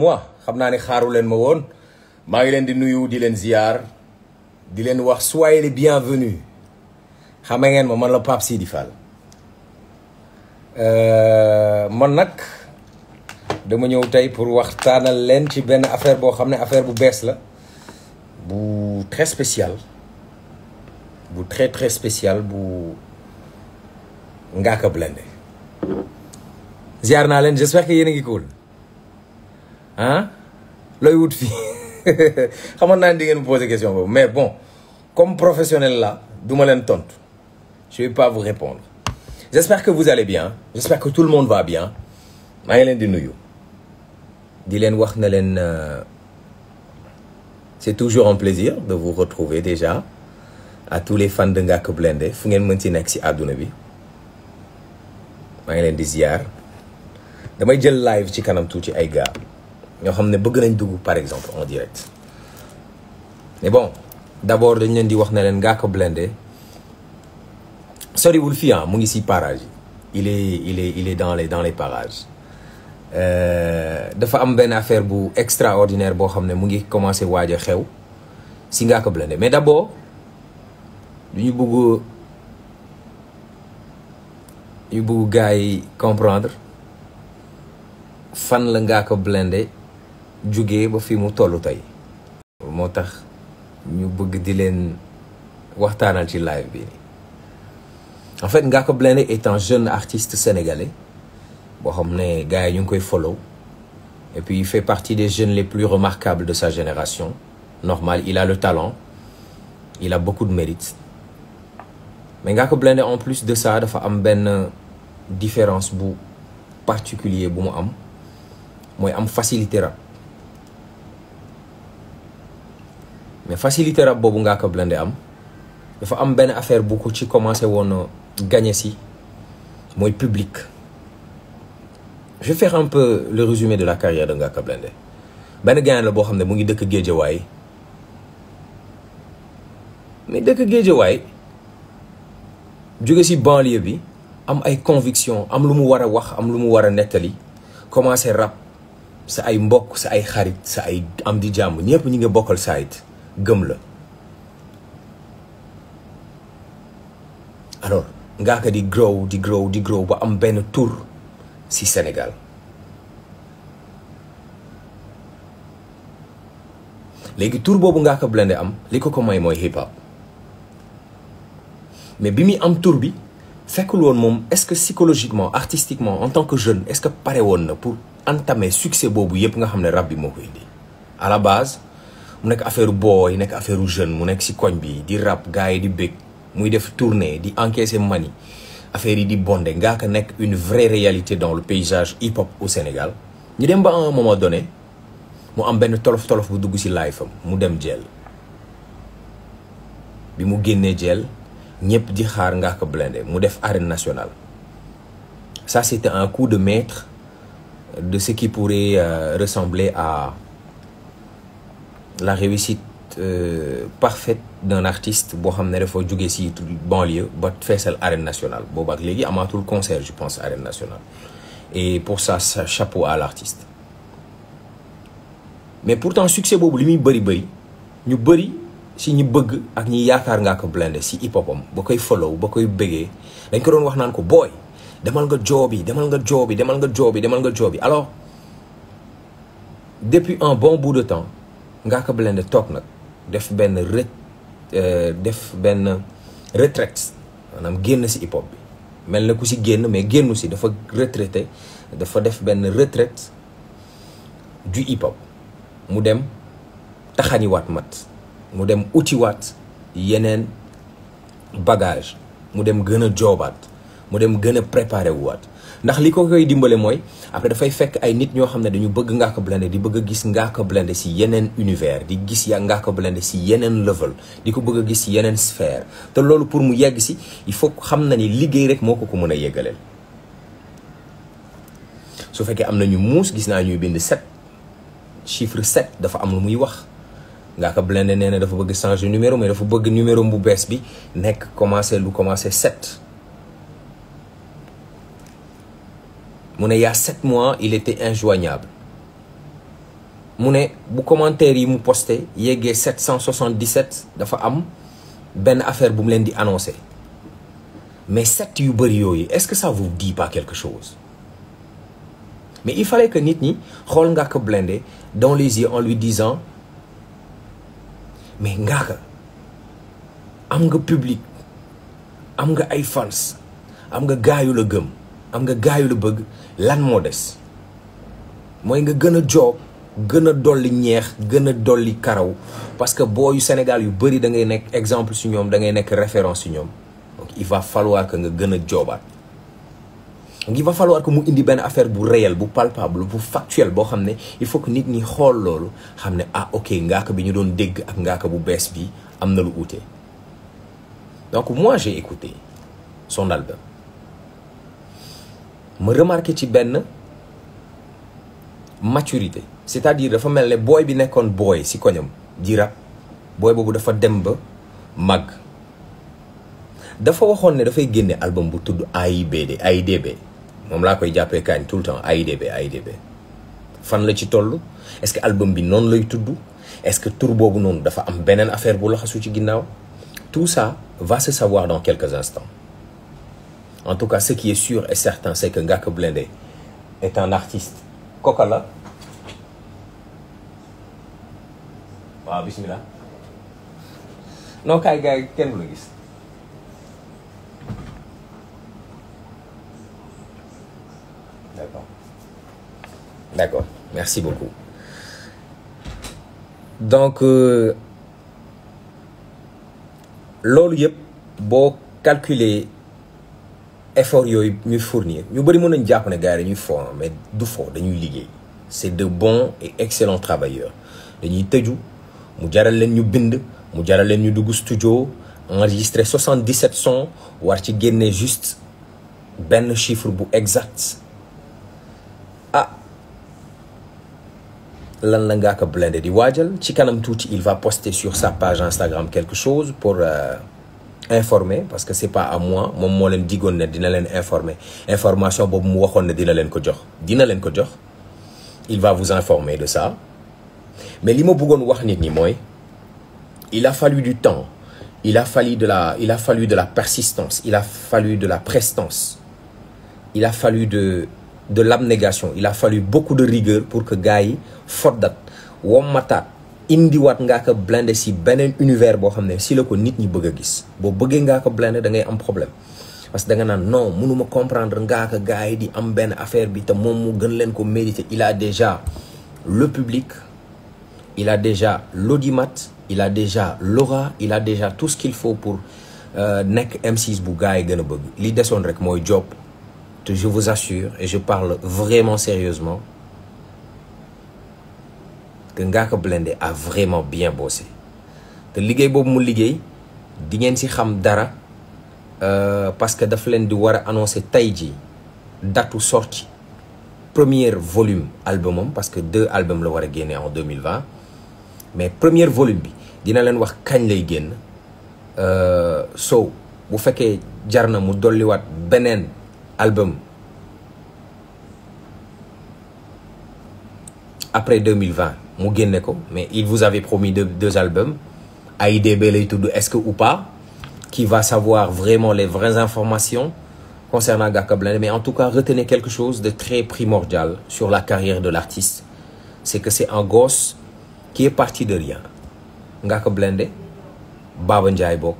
moi xam naa ne xaaru leen ma woon maa ngi leen di nuyu di leen ziar di leen wax soyez les bienvenus xam ngeen ma man la Pape Sidi Fall euh, man nag dama ñëw tey pour waxtaanal leen ci benn affaire boo xam ne affaire bu bees la bu très spécial bu très très spécial bu Ngaaka Blindé ziar naa leen j'espère que yéen a ngi cool ah looy wut fii xamoon naa ne di ngeen poser question mais bon comme professionnel la du ma leen tontu je vais pas vous répondre j'espère que vous allez bien j'espère que tout le monde va bien maa ngi leen di nuyu di leen wax na leen euh, c'est toujours un plaisir de vous retrouver déjà à tous les fans de Ngaaka Blindé fu ngeen mën ci nekk ci àdduna bi maa ngi leen di ziar damay jël live ci kanam tuuti ay gars ñoo xam ne bëgg nañ dugg par exemple en direct mais bon d'abord dañ leen di wax ne leen Ngaaka Blindé soriwul fii ah mu ngi si parages yi il est il est dans les dans les parages euh, dafa am benn affaire bu extraordinaire boo xam ne mu ngi commencé waaj a xew si Ngaaka Blindé mais d'abord du ñu bëgg ñu bëgg gars yi comprendre fan la Ngaaka Blindé jugee ba fi mu toll tey moo tax ñu bëgg di leen waxtaanal ci live bi en fait Ngaaka Blindé est un jeune artiste sénégalais boo xam ne gars yi ñu ngi koy follow et puis il fait partie des jeunes les plus remarquables de sa génération normal il a le talent il a beaucoup de mérite mais Ngaaka Blindé en plus de ça dafa am benn différence bu particulier bu mu am mooy am facilité mais facilité rap boobu Ngaaka Blindé am dafa am benn affaire bu ko ci commencé woon gagné si mooy publique je vais faire le résumé de la carrière de Ngaaka Blindé benn gaynde la boo xam ne mu ngi dëkk Géejawaay mais dëkk Géejawaay jóge si banlieue bi am ay conviction am lu mu war a wax am lu mu war a nettali commencé rab sa ay mbokk sa ay xarit sa ay am di jàmb ñëpp ñu ngi bokkal site gëm la alors Ngaaka di grow di grow di grow ba am benn tour ci Sénégal léegi tour boobu Ngaaka Blindé am li ko ko may mooy hip hop mais bi muy am tour bi fekkul woon moom est-ce que psychologiquement artistiquement en tant que jeune est-ce que pare woon na pour entamer succès boobu yépp nga xam ne rab bi moo ko indi à la base. mu nekk affaire booy nekk affaire jeune mu nekk si koñ bi di rap gars yi di bég muy def tournée di encaisser mani affaire yi di bonde ngaa ko nekk une vraie réalité dans le paysage hip hop au Sénégal ñu dem ba à un moment donné mu am benn tolof tolof bu dugg si life am mu dem jeel bi mu génnee jeel ñëpp di xaar Ngaaka Blindé mu def arène nationale ça c'était un coup de maître de ce qui pourrait euh, ressembler à la réussite euh, parfaite d'un artiste boo xam ne dafa jóge si banlieue ba feesal arène nationale boobu ak léegi amaatul concert je pense arène nationale et pour ça ça chapeau à l'artiste mais pourtant succès boobu li muy bëri bëri ñu bëri si ñu bëgg ak ñi yaakaar ngaa ko blindé si hip hopam ba koy follow ba koy bëggee dañ ko doon wax naan ko booy demal nga joobi demal nga joobi demal nga joobi demal nga joobi alors depuis un bon bout de temps Ngaaka Blindé toog nag def benn re euh, def benn retraite manaam génn si hip hop bi mel na ku si génn mais génnu si dafa retraité dafa def benn retraite du hip hop mu dem taxaniwaat mat mu dem utiwaat yeneen bagage mu dem gën a joobaat mu dem gën a préparé wuwaat ndax li ko koy dimbale mooy après dafay fekk ay nit ñoo xam ne dañu bëgg Ngaaka Blindé di bëgg a gis Ngaaka Blindé si yeneen univers di gis ya Ngaaka Blindé si yeneen level di ko bëgg a gis si yeneen sphère te loolu pour mu yegg si il faut xam na ni liggéey rek moo ko ko mën a yeggaleel su fekkee am nañu muus gis naa ñuy bind sept chiffre sept dafa am muy wax Ngaaka Blindé nee na dafa bëgg changer numéro mais dafa bëgg numéro bu bees bi nekk commencé lu commencé sept mu ne y a sept mois il était injoignable mu ne bu commentaire yi mu posté yeggee 777 dafa am benn affaire bu mu leen di annoncé mais sept yu bëri yooyu est-ce que ça vous dit pas quelque chose mais il fallait que nit ñi xool Ngaaka Blindé dans les yeux en lui disant mais Ngaaka am nga public am nga ay fans am nga gaayu la gëm am nga gaayu la bëgg lan moo des mooy nga gën a joob gën a dolli ñeex gën a dolli karaw parce que booyu Sénégal yu bëri da ngay nekk exemple si ñoom dangay nekk référence si ñoom donc il va falloir que nga gën a joobaat donc il va falloir que mu indi benn affaire bu réel bu palpable bu factuel boo xam ne il faut que nit ñi xool loolu xam ne ah ok ngaaka bi ñu doon dégg ak ngaaka bu bees bi am na lu uute donc mois j'ai écouté son album ma remarqué ci benn maturité c'est-à-dire dafa mel ne booy bi nekkoon booy si koñam di booy boobu dafa dem ba màgg dafa waxoon ne dafay génne album bu tudd AIBD AIDB moom laa koy jàppee kaañ tout le temps AIDB AIDB fan la ci toll est-ce que album bi noonu lay tudd est-ce que tur boobu noonu dafa am beneen affaire bu laxasu ci ginnaaw tout ça va se savoir dans quelques instants En tout cas, ce qui est sûr et certain, c'est que Ngaaka Blindé est un artiste. Kooka la waaw bismillah non kaay gars yi kenn du la gis. d'accord d'accord merci beaucoup donc euh, loolu yëpp boo calculer. effort yooyu ñu fournir ñu bari mun nañ jàpp ne gars yi dañuy fo du foo dañuy liggéey c'est de bon et excellents dañuy tëju mu jaral leen ñu bind mu jaral leen ñu dugg studio enregistré 77 sons war ci génne juste benn chiffre bu exact ah lan la Ngaaka Blindé di waajal ci kanam tuuti il va poster sur sa page Instagram quelque chose pour. Euh, informé parce que c'est pas à moi moom moo leen digoon dina leen informer information boobu mu waxoon ne dina leen ko jox dina leen ko jox il va vous informer de ça mais li ma bëggoon wax nit ñi mooy il a fallu du temps il a fallu de la il a de la persistance il a fallu de la prestance il a fallu de de l'abnégation il a fallu beaucoup de rigueur pour que gars yi foddat womataat indiwaat Ngaaka Blindé si beneen univers boo xam ne si la ko nit ñi bëgg a gis boo bëggee Ngaaka Blindé da ngay am problème parce que danga naan non mënuma comprendre Ngaaka gars yi di am benn affaire bi te moom mu gën leen ko mérité il a déjà le public il a déjà l'audimat il a déjà l'aura il a déjà tout ce qu'il faut pour euh, nekk M6 bu gars yi gën a bëgg li deson rek mooy job te je vous assure et je parle vraiment sérieusement que Ngaaka Blindé a vraiment bien bossé te liggéey boobu mu liggéey di ngeen si xam dara euh, parce que dafa leen di war a annoncer tey jii datu sortie premier volume albumam parce que deux albums la war a génne en 2020 mais première volume bi dina leen wax kañ lay génn euh, so bu fekkee jar na mu dolliwaat beneen album après 2020 mu génne ko mais il vous avait promis deux, deux albums AIDB lay tudd est-ce que ou pas qui va savoir vraiment les vraies informations concernant Gaka Blindé mais en tout cas retenez quelque chose de très primordial sur la carrière de l'artiste c'est que c'est un gosse qui est parti de rien Gaka Blindé Baba Ndiaye bokk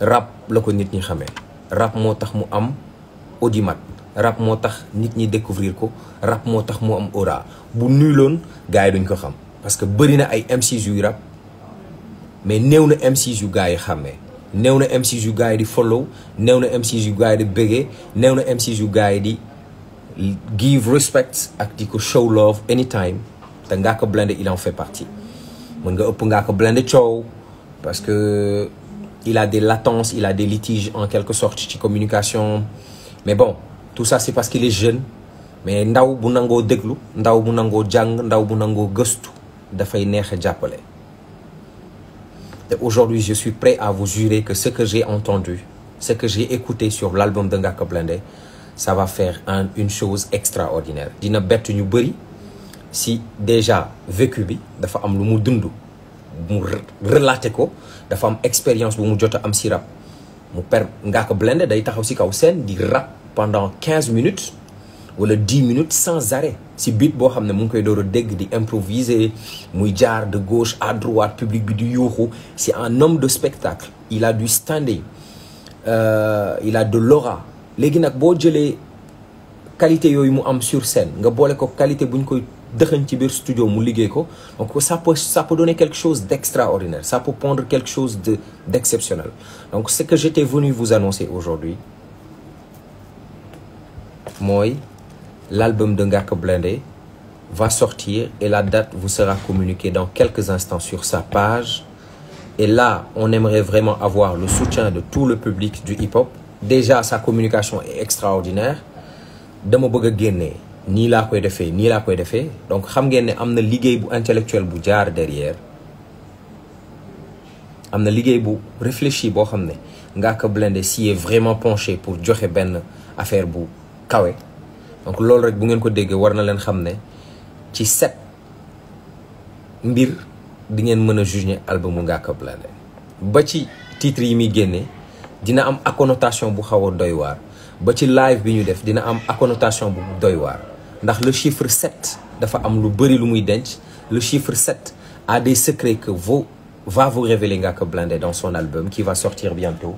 rap la ko nit ñi xamee rap moo tax mu am audimat rap moo tax nit ñi découvrir ko rap moo tax mu am aura bu nuyuloon gars yi duñ ko xam parce que bëri na ay MCs yuy rab mais néew na MCs yu gars yi xàmmee néew na MCs yu gars yi di follow néew na MCs yu gars di bëggee néew na MCs yu gars yi di give respect ak di ko show love anytime te Ngaaka Blindé il en fait partie mën nga ëpp ko Blindé coow parce que il a de latences il a de litiges en quelque sorte ci communication mais bon tout ça c'est parce qu'il est jeune mais ndaw bu nangoo déglu ndaw bu nangoo jàng ndaw bu nangoo gëstu dafay neex a jàppale te aujourd'hui je suis prêt à vous jurer que ce que j'ai entendu ce que j'ai écouté sur l'album de Ngaaka Blindé ça va faire un une chose extraordinaire dina bett ñu bëri si déjà vécu bi dafa am lu mu dund mu relaté ko dafa am expérience bu mu jot am si rab mu per Ngaaka Blindé day taxaw si kaw seen di rap pendant quinze minutes wala dix minutes sans arrêt si beat boo xam ne mu ngi koy door dégg di improviser muy jaar de gauche à droite public bi di yuuxu c'est un homme de spectacle il a du standing euh, il a de l'aura léegi nag boo jëlee qualité yooyu mu am sur scène nga boole ko qualité bu ñu koy dëxañ ci biir studio mu liggéey ko donc ça peut ça peut donner quelque chose d'extraordinaire ça peut pondre quelque chose de d'exceptionnel donc ce que j'étais venu vous annoncer aujourd'hui mooy l'album de Ngaaka Blindé va sortir et la date vous sera communiquée dans quelques instants sur sa page et là on aimerait vraiment avoir le soutien de tout le public du hip-hop déjà sa communication est extraordinaire dama bëgg a génne nii laa koy defee nii laa koy defee donc xam ngeen ne am na liggéey bu intellectuel bu jaar derrière am na liggéey bu réfléchi boo xam ne Ngaaka Blindé s'y est vraiment penché pour joxe benn affaire bu kawe donc loolu rek bu ngeen ko déggee war na leen xam ne ci set mbir di ngeen mën a juger albumu Ngaaka Blindé ba ci titre yi muy génne dina am connotation bu xaw a doy waar ba ci live bi ñu def dina am connotation bu doy waar ndax le chiffre 7 dafa am lu bëri lu muy denc le chiffre 7 a des secrets que vous va vous révéler Ngaaka Blindé dans son album qui va sortir bientôt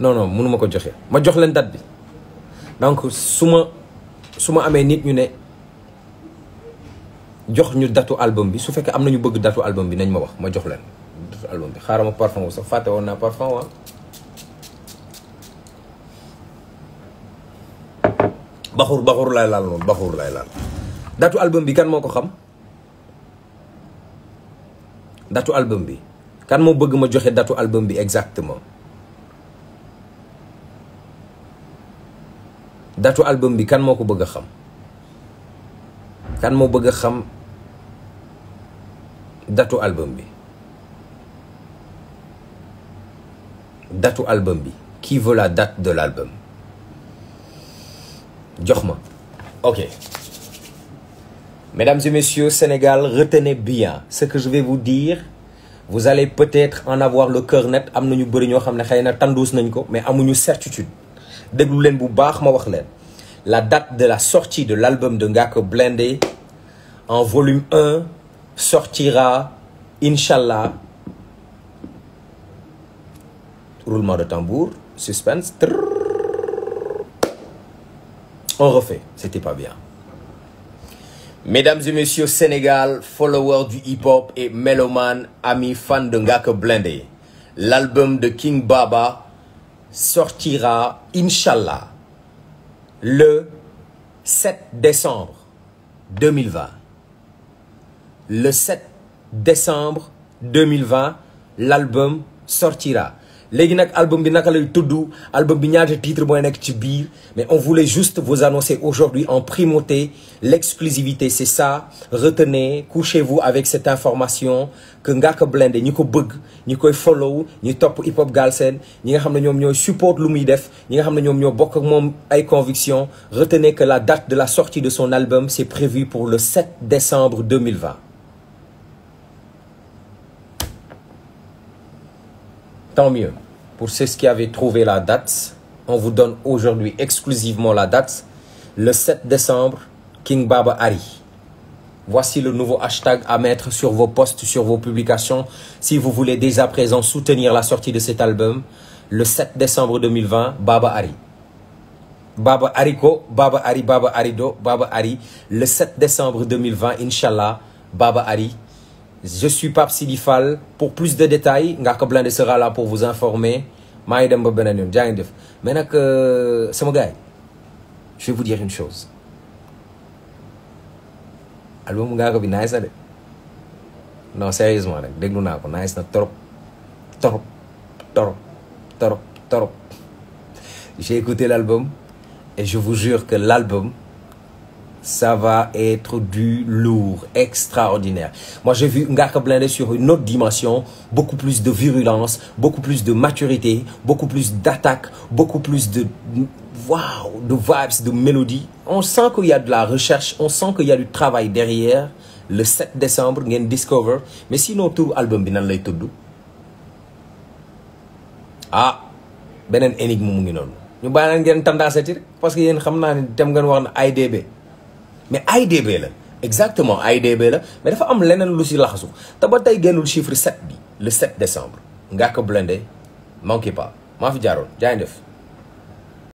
non non mënu ma ko joxe ma jox leen date bi donc su ma su ma amee nit ñu ne jox ñu datu album bi su fekkee am na ñu bëgg datu album bi nañ ma wax ma jox leen datu album bi ma parfum wu sax woon naa parfum wa ah. baxur baxur lay laal noonu baxur lay datu album bi kan moo ko xam datu album bi kan moo bëgg ma joxe datu album bi exactement datu album bi kan moo ko bëgg a xam kan moo bëgg a xam datu album bi datu album bi qui veut la date de l'album jox ma ok mesdames et messieurs Sénégal retenez bien ce que je vais vous dire vous allez peut-être en avoir le cœur net am na ñu bëri ñoo xam ne xëy na tànduus nañ ko mais amuñu certitude déglu leen bu baax ma wax leen la date de la sortie de l'album de Ngaaka Blindé en volume 1 sortira inchallah roulement de tambour suspense on refait c'était pas bien Mesdames et messieurs, Sénégal, followers du hip-hop et mélomanes, amis fans de Ngaaka Blindé, l'album de King Baba sortira, Inch'Allah, le 7 décembre 2020. Le 7 décembre 2020, l'album sortira. léegi nag album bi naka lay tudd album bi ñaata titre mooy nekk ci biir mais on voulait juste vous annoncer aujourd'hui en primauté l'exclusivité c'est ça retenez couchez-vous avec cette information que Ngaaka Blindé ñi ko bëgg ñi koy follow ñi topp hip hop Galsen ñi nga xam ne ñoom ñooy support lu muy def ñi nga xam ne ñoom ñoo bokk ak moom ay conviction retenez que la date de la sortie de son album c'est prévu pour le 7 décembre 2020 tant mieux Pour ceux qui avaient trouvé la date, on vous donne aujourd'hui exclusivement la date. Le 7 décembre, King Baba Hari. Voici le nouveau hashtag à mettre sur vos posts, sur vos publications. Si vous voulez dès présent soutenir la sortie de cet album, le 7 décembre 2020, Baba Hari. Baba Hariko, Baba Hari, Baba Harido, Baba Hari. Le 7 décembre 2020, Inch'Allah, Baba Hari. je suis Pape Sidi Fall pour plus de détails Ngaaka Blindé sera là pour vous informer maa ngi dem ba beneen yoon jaa ngi def mais nag euh, sama gars yi je vais vous dire une chose album Ngaaka bi nice na de non sérieusement nag déglu naa ko nice na trop trop trop trop trop j'ai écouté l'album et je vous jure que l'album ca va être du lourd, extraordinaire. Moi, j'ai vu Ngarka Blindé sur une autre dimension, beaucoup plus de virulence, beaucoup plus de maturité, beaucoup plus d'attaque, beaucoup plus de wow, de vibes, de mélodie. On sent qu'il y a de la recherche, on sent qu'il y a du travail derrière. Le 7 décembre, ngeen discover mais sinon turu album bi na lay tudd ah beneen énigme mu ngi noonu. ñu bàyyi tendance ci rek parce que yéen xam naa ne dem ngeen wax na IDB. mais AIBD la exactement AIBD la mais dafa am leneen lu si laxasu te ba tey génnul chiffre 7 bi le 7 décembre Ngaaka Blindé manqué pas maa fi jaaroon jaay def